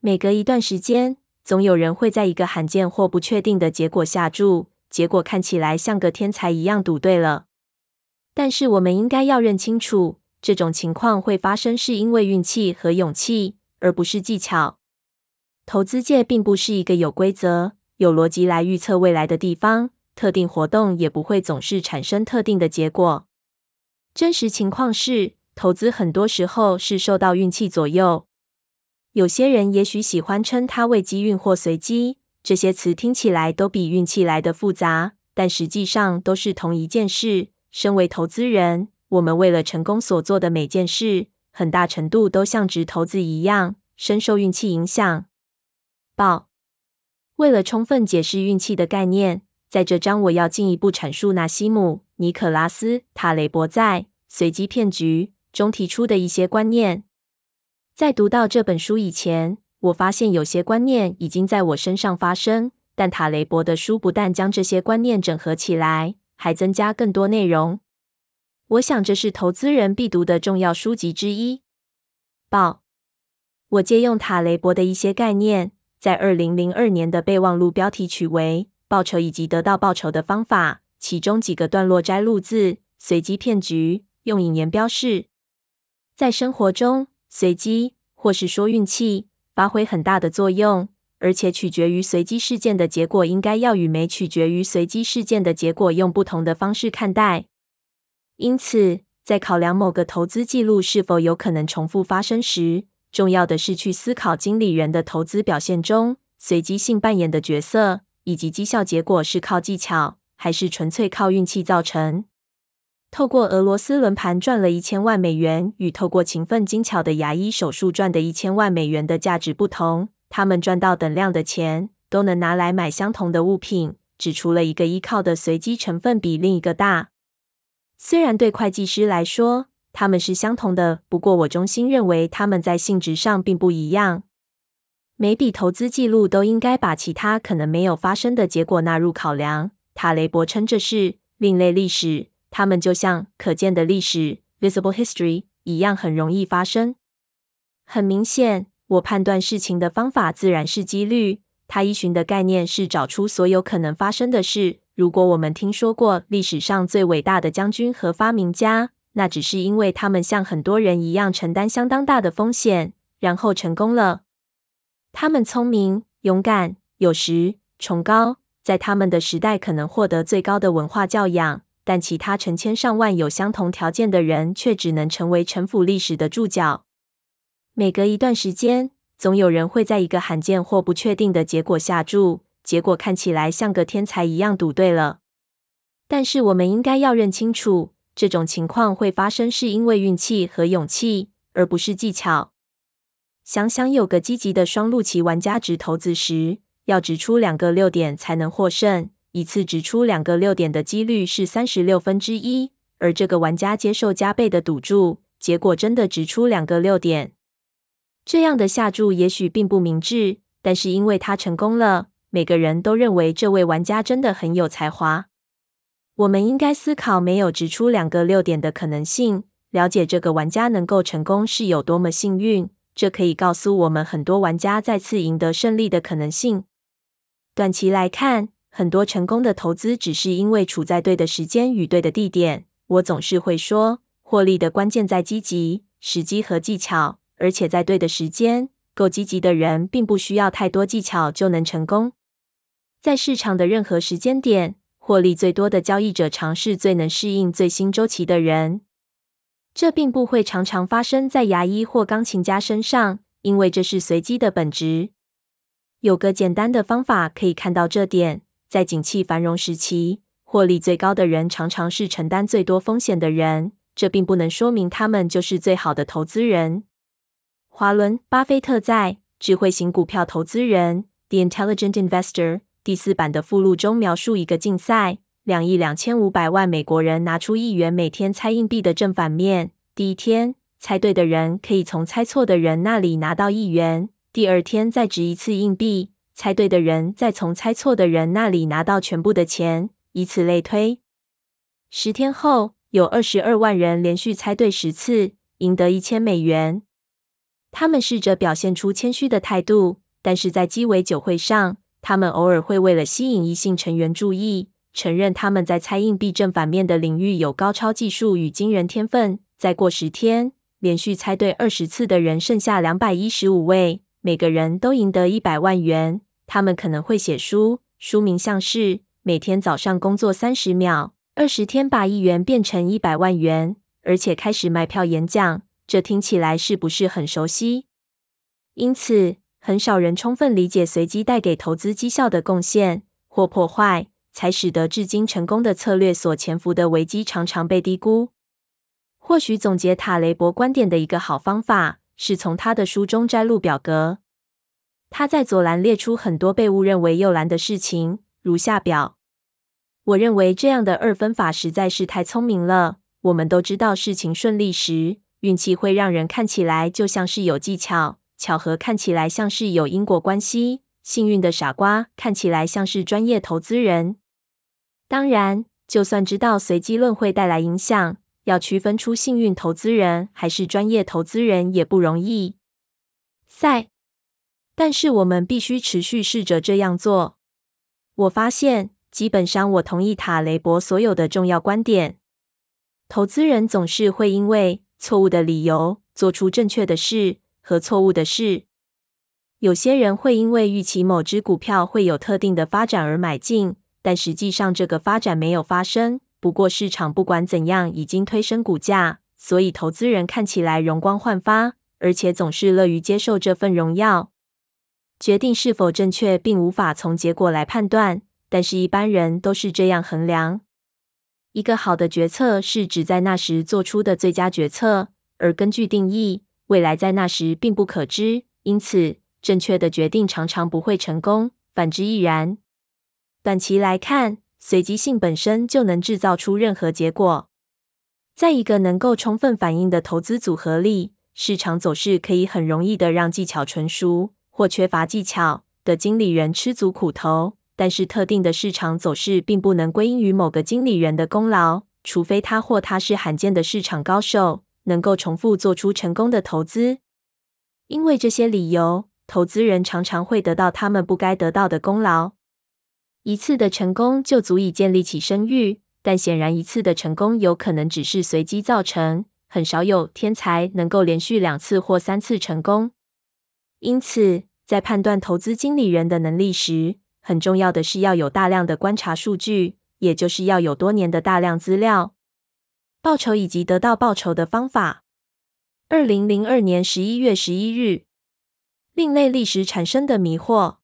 每隔一段時間，總有人會在一個罕見或不確定的結果下注，結果看起來像個天才一樣賭對了。但是我們應該要認清楚，這種情況會發生是因為運氣和勇氣，而不是技巧。投資界並不是一個有規則、有邏輯來預測未來的地方，特定活動也不會總是產生特定的結果。真實情況是，投資很多時候是受到運氣左右。有些人也許喜歡稱它為機運或隨機，這些詞聽起來都比運氣來得複雜，但實際上都是同一件事。身為投資人，我們為了成功所做的每件事，很大程度都像擲骰子一樣，深受運氣影響。報。為了充分解釋運氣的概念，在這章我要進一步闡述納西姆·尼可拉斯·塔雷伯在《隨機騙局》中提出的一些觀念。在讀到這本書以前，我發現有些觀念已經在我身上發生。但塔雷伯的書不但將這些觀念整合起來，還增加更多內容。我想這是投資人必讀的重要書籍之一。報，我借用塔雷伯的一些概念，在二零零二年的備忘錄標題取為“報酬以及得到報酬的方法”，其中幾個段落摘錄自“隨機騙局”，用引言標示。在生活中，隨機。或是說運氣發揮很大的作用，而且取決於隨機事件的結果，應該要與沒取決於隨機事件的結果用不同的方式看待。因此，在考量某個投資記錄是否有可能重複發生時，重要的是去思考經理人的投資表現中隨機性扮演的角色，以及績效結果是靠技巧還是純粹靠運氣造成。透過俄羅斯輪盤賺了一千萬美元，與透過勤奮精巧的牙醫手術賺的一千萬美元的價值不同。他們賺到等量的錢，都能拿來買相同的物品，只除了一個依靠的隨機成分比另一個大。雖然對會計師來說，他們是相同的，不過我衷心認為他們在性質上並不一樣。每筆投資記錄都應該把其他可能沒有發生的結果納入考量。塔雷伯稱這是另類歷史。他們就像可見的歷史 （visible history） 一樣，很容易發生。很明顯，我判斷事情的方法自然是幾率。他依循的概念是找出所有可能發生的事。如果我們聽說過歷史上最偉大的將軍和發明家，那只是因為他們像很多人一樣承擔相當大的風險，然後成功了。他們聰明、勇敢，有時崇高，在他們的時代可能獲得最高的文化教養。但其他成千上萬有相同條件的人卻只能成為塵封歷史的注腳。每隔一段時間，總有人會在一個罕見或不確定的結果下注，結果看起來像個天才一樣賭對了。但是我們應該要認清楚，這種情況會發生是因為運氣和勇氣，而不是技巧。想想有個積極的雙陸棋玩家擲骰子時，擲骰子時要擲出兩個六點才能獲勝。一次擲出兩個六點的幾率是三十六分之一，而這個玩家接受加倍的賭注，結果真的擲出兩個六點。這樣的下注也許並不明智，但是因為他成功了，每個人都認為這位玩家真的很有才華。我們應該思考沒有擲出兩個六點的可能性，了解這個玩家能夠成功是有多麼幸運，這可以告訴我們很多玩家再次贏得勝利的可能性。短期來看。很多成功的投資只是因為處在對的時間與對的地點。我總是會說，獲利的關鍵在積極時機和技巧，而且在對的時間。夠積極的人並不需要太多技巧就能成功。在市場的任何時間點，獲利最多的交易者，常是最能適應最新週期的人。這並不會常常發生在牙醫或鋼琴家身上，因為這是隨機的本質。有個簡單的方法可以看到這點。在景氣繁榮時期，獲利最高的人常常是承擔最多風險的人。這並不能說明他們就是最好的投資人。華倫巴菲特在《智慧型股票投資人》（The Intelligent Investor） 第四版的附錄中描述一個競賽：兩億兩千五百萬美國人拿出一元，每天猜硬幣的正反面。第一天猜對的人可以從猜錯的人那裡拿到一元，第二天再擲一次硬幣。猜對的人再從猜錯的人那裡拿到全部的錢，以此類推。十天後，有二十二萬人連續猜對十次，贏得一千美元。他們試着表現出謙虛的態度，但是在雞尾酒會上，他們偶爾會為了吸引異性成員注意，承認他們在猜硬幣正反面的領域有高超技術與驚人天分。再過十天，連續猜對二十次的人剩下兩百一十五位，每個人都贏得一百萬元。他們可能會寫書，書名像是“每天早上工作三十秒，二十天把一元變成一百萬元”，而且開始賣票演講。這聽起來是不是很熟悉？因此，很少人充分理解隨機帶給投資績效的貢獻或破壞，才使得至今成功的策略所潛伏的危機常常被低估。或許總結塔雷伯觀點的一個好方法，是從他的書中摘錄表格。他在左欄列出很多被誤認為右欄的事情，如下表。我認為這樣的二分法實在是太聰明了。我們都知道，事情順利時，運氣會讓人看起來就像是有技巧；巧合看起來像是有因果關係；幸運的傻瓜看起來像是專業投資人。當然，就算知道隨機論會帶來影響，要區分出幸運投資人還是專業投資人也不容易。賽。但是我們必須持續試着這樣做。我發現，基本上我同意塔雷柏所有的重要觀點。投資人總是會因為錯誤的理由做出正確的事和錯誤的事。有些人會因為預期某隻股票會有特定的發展而買進，但實際上這個發展沒有發生。不過市場不管怎樣已經推升股價，所以投資人看起來容光煥發，而且總是樂於接受這份榮耀。決定是否正確，並無法從結果來判斷。但是，一般人都是這樣衡量。一個好的決策是指在那時做出的最佳決策，而根據定義，未來在那時並不可知。因此，正確的決定常常不會成功，反之亦然。短期來看，隨機性本身就能制造出任何結果。在一個能夠充分反映的投資組合裡，市場走勢可以很容易地讓技巧純熟。或缺乏技巧的經理人吃足苦頭，但是特定的市場走勢並不能歸因於某個經理人的功勞，除非他或他是罕見的市場高手，能夠重複做出成功的投資。因為這些理由，投資人常常會得到他們不該得到的功勞。一次的成功就足以建立起聲譽，但顯然一次的成功有可能只是隨機造成。很少有天才能夠連續兩次或三次成功，因此，在判斷投資經理人的能力時，很重要的是要有大量的觀察數據，也就是要有多年的大量資料、報酬以及得到報酬的方法。二零零二年十一月十一日，另類歷史產生的迷惑，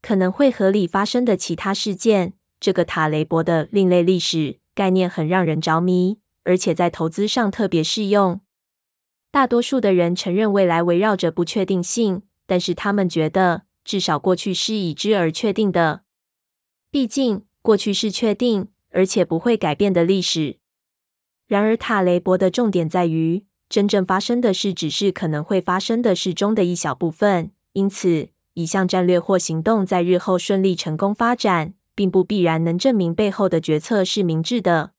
可能會合理發生的其他事件。這個塔雷伯的另類歷史概念很讓人着迷，而且在投資上特別適用。大多數的人承認未來圍繞着不確定性。但是他們覺得，至少過去是已知而確定的，畢竟過去是確定而且不會改變的歷史。然而，塔雷博的重點在於，真正發生的事只是可能會發生的事中的一小部分。因此，一項戰略或行動在日後順利成功發展，並不必然能證明背後的決策是明智的。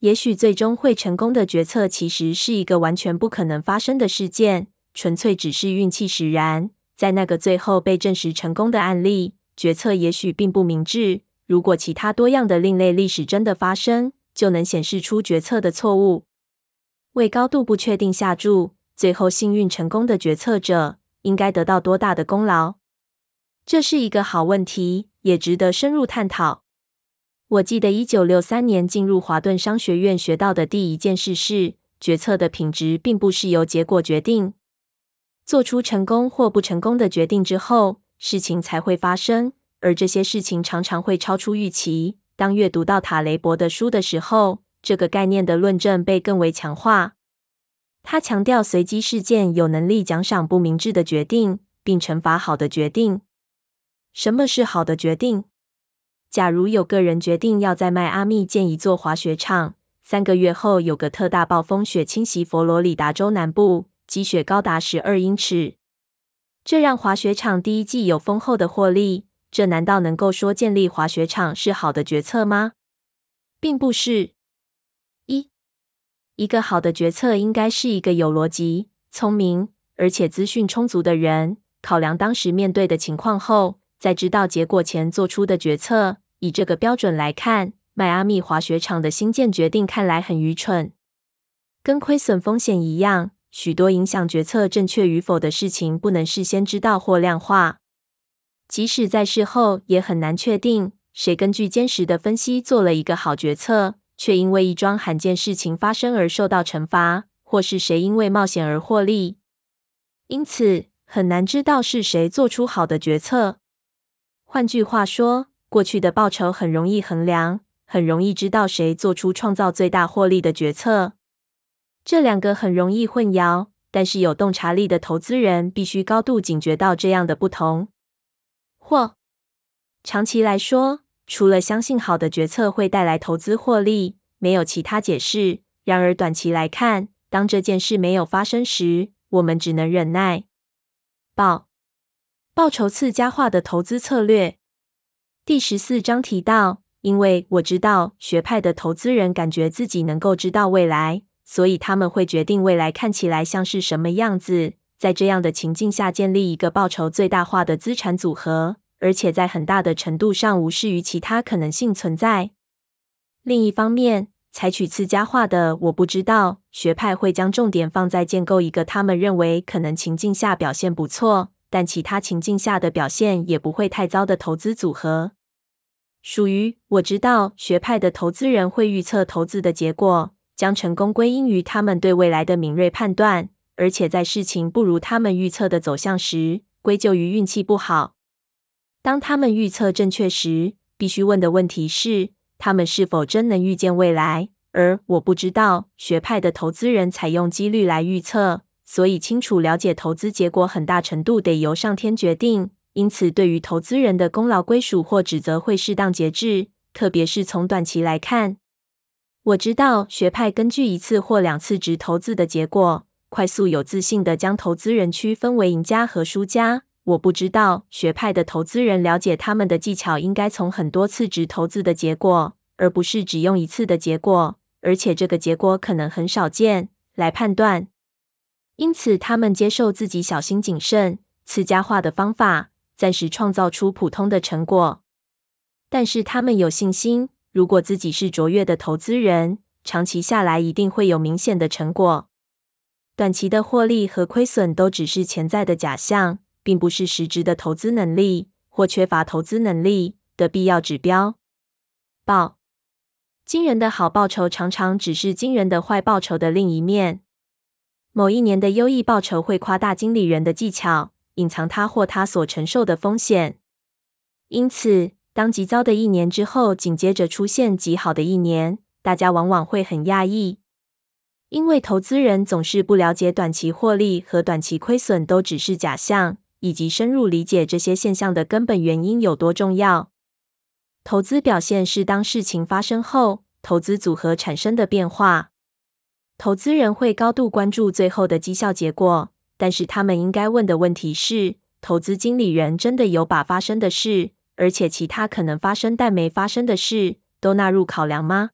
也許最終會成功的決策，其實是一個完全不可能發生的事件。純粹只是運氣使然，在那個最後被證實成功的案例，決策也許並不明智，如果其他多樣的另類歷史真的發生，就能顯示出決策的錯誤。為高度不確定下注，最後幸運成功的決策者應該得到多大的功勞？這是一個好問題，也值得深入探討。我記得一九六三年進入華頓商學院學到的第一件事是，決策的品質並不是由結果決定。做出成功或不成功的決定之後，事情才會發生，而這些事情常常會超出預期。當閱讀到塔雷伯的書的時候，這個概念的論證被更為強化。他強調，隨機事件有能力獎賞不明智的決定，並懲罰好的決定。什麼是好的決定？假如有個人決定要在邁阿密建一座滑雪場，三個月後有個特大暴風雪侵襲佛羅里達州南部。積雪高達十二英尺，這讓滑雪場第一季有豐厚的獲利。這難道能夠說建立滑雪場是好的決策嗎？並不是。一一個好的決策應該是一個有邏輯、聰明，而且資訊充足的人，考量當時面對的情況後，在知道結果前做出的決策。以這個標準來看，邁阿密滑雪場的興建決定看來很愚蠢，跟虧損風險一樣。許多影響決策正確與否的事情不能事先知道或量化，即使在事後也很難確定誰根據堅實的分析做了一個好決策，卻因為一樁罕見事情發生而受到懲罰，或是誰因為冒險而獲利。因此，很難知道是誰做出好的決策。換句話說，過去的報酬很容易衡量，很容易知道誰做出創造最大獲利的決策。這兩個很容易混淆，但是有洞察力的投資人必須高度警覺到這樣的不同。或長期來說，除了相信好的決策會帶來投資獲利，沒有其他解釋。然而短期來看，當這件事沒有發生時，我們只能忍耐。報報酬次佳化的投資策略。第十四章提到，因為我知道學派的投資人感覺自己能夠知道未來。所以他們會決定未來看起來像是什麼樣子，在這樣的情境下建立一個報酬最大化的資產組合，而且在很大的程度上無視於其他可能性存在。另一方面，採取次佳化的我不知道學派會將重點放在建構一個他們認為可能情境下表現不錯，但其他情境下的表現也不會太糟的投資組合。屬於我知道學派的投資人會預測投資的結果，將成功歸因於他們對未來的敏銳判斷，而且在事情不如他們預測的走向時，歸咎於運氣不好。當他們預測正確時，必須問的問題是，他們是否真能預見未來？而我不知道學派的投資人採用幾率來預測，所以清楚了解投資結果很大程度得由上天決定。因此，對於投資人的功勞歸屬或指責會適當節制，特別是從短期來看。我知道學派根據一次或兩次值投資的結果，快速有自信地將投資人區分為贏家和輸家。我不知道學派的投資人了解他們的技巧應該從很多次值投資的結果，而不是只用一次的結果，而且這個結果可能很少見來判斷。因此，他們接受自己小心謹慎、次佳化的方法，暫時創造出普通的成果，但是他們有信心。如果自己是卓越的投資人，長期下來一定會有明顯的成果。短期的獲利和虧損都只是潛在的假象，並不是實質的投資能力或缺乏投資能力的必要指標。報驚人的好報酬常常只是驚人的壞報酬的另一面。某一年的優異報酬會誇大經理人的技巧，隱藏他或他所承受的風險。因此。當極糟的一年之後，緊接着出現極好的一年，大家往往會很訝異，因為投資人總是不了解短期獲利和短期虧損都只是假象，以及深入理解這些現象的根本原因有多重要。投資表現是當事情發生後，投資組合產生的變化。投資人會高度關注最後的績效結果，但是他們應該問的問題是，投資經理人真的有把發生的事，而且，其他可能發生但沒發生的事都納入考量嗎？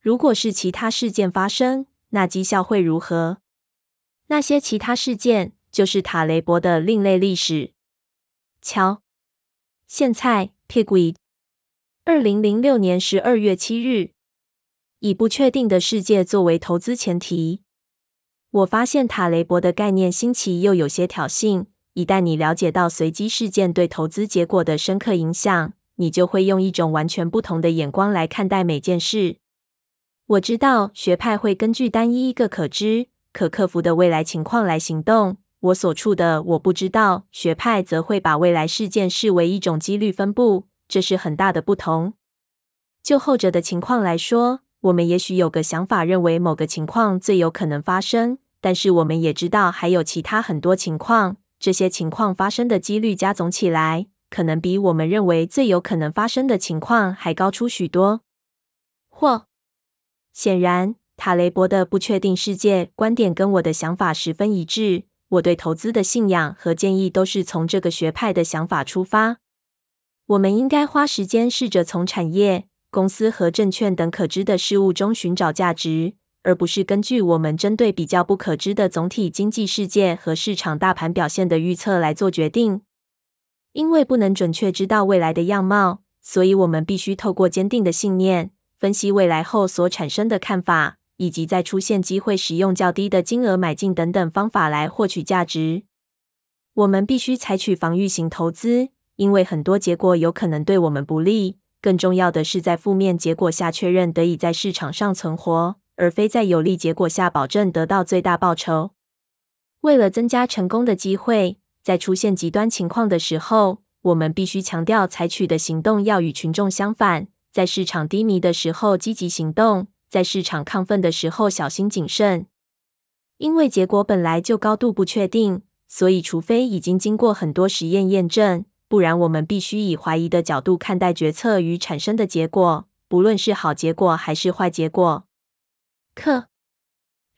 如果是其他事件發生，那績效會如何？那些其他事件就是塔雷伯的另類歷史。瞧，莧菜，Pigweed，二零零六年十二月七日，以不確定的世界作為投資前提，我發現塔雷伯的概念新奇又有些挑釁。一旦你了解到隨機事件對投資結果的深刻影響，你就會用一種完全不同的眼光來看待每件事。我知道學派會根據單一一個可知、可克服的未來情況來行動。我所處的我不知道學派則會把未來事件視為一種幾率分布，這是很大的不同。就後者的情況來說，我們也許有個想法，認為某個情況最有可能發生，但是我們也知道還有其他很多情況。這些情況發生的幾率加總起來，可能比我們認為最有可能發生的情況還高出許多。或。顯然，塔雷伯的不確定世界觀點跟我的想法十分一致，我對投資的信仰和建議都是從這個學派的想法出發。我們應該花時間試着從產業、公司和證券等可知的事物中尋找價值。而不是根據我們針對比較不可知的總體經濟世界和市場大盤表現的預測來做決定，因為不能準確知道未來的樣貌，所以我們必須透過堅定的信念分析未來後所產生的看法，以及在出現機會使用較低的金額買進等等方法來獲取價值。我們必須採取防禦型投資，因為很多結果有可能對我們不利。更重要的是，在負面結果下確認得以在市場上存活。而非在有利結果下保證得到最大報酬。為了增加成功的機會，在出現極端情況的時候，我們必須強調採取的行動要與群眾相反，在市場低迷的時候積極行動，在市場亢奮的時候小心謹慎。因為結果本來就高度不確定，所以除非已經經過很多實驗驗證，不然我們必須以懷疑的角度看待決策與產生的結果，不論是好結果還是壞結果。克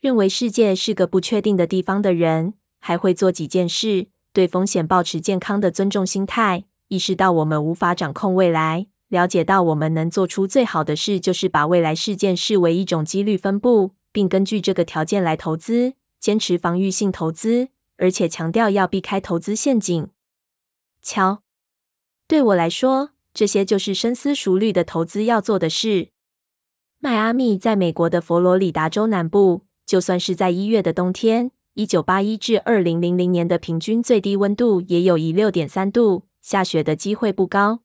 認為世界是個不確定的地方的人，還會做幾件事：對風險保持健康的尊重心態，意識到我們無法掌控未來，了解到我們能做出最好的事就是把未來事件視為一種幾率分布，並根據這個條件來投資，堅持防禦性投資，而且強調要避開投資陷阱。瞧，對我來說，這些就是深思熟慮的投資要做的事。邁阿密在美國的佛羅里達州南部，就算是在一月的冬天，一九八一至二零零零年的平均最低溫度也有一六點三度，下雪的機會不高。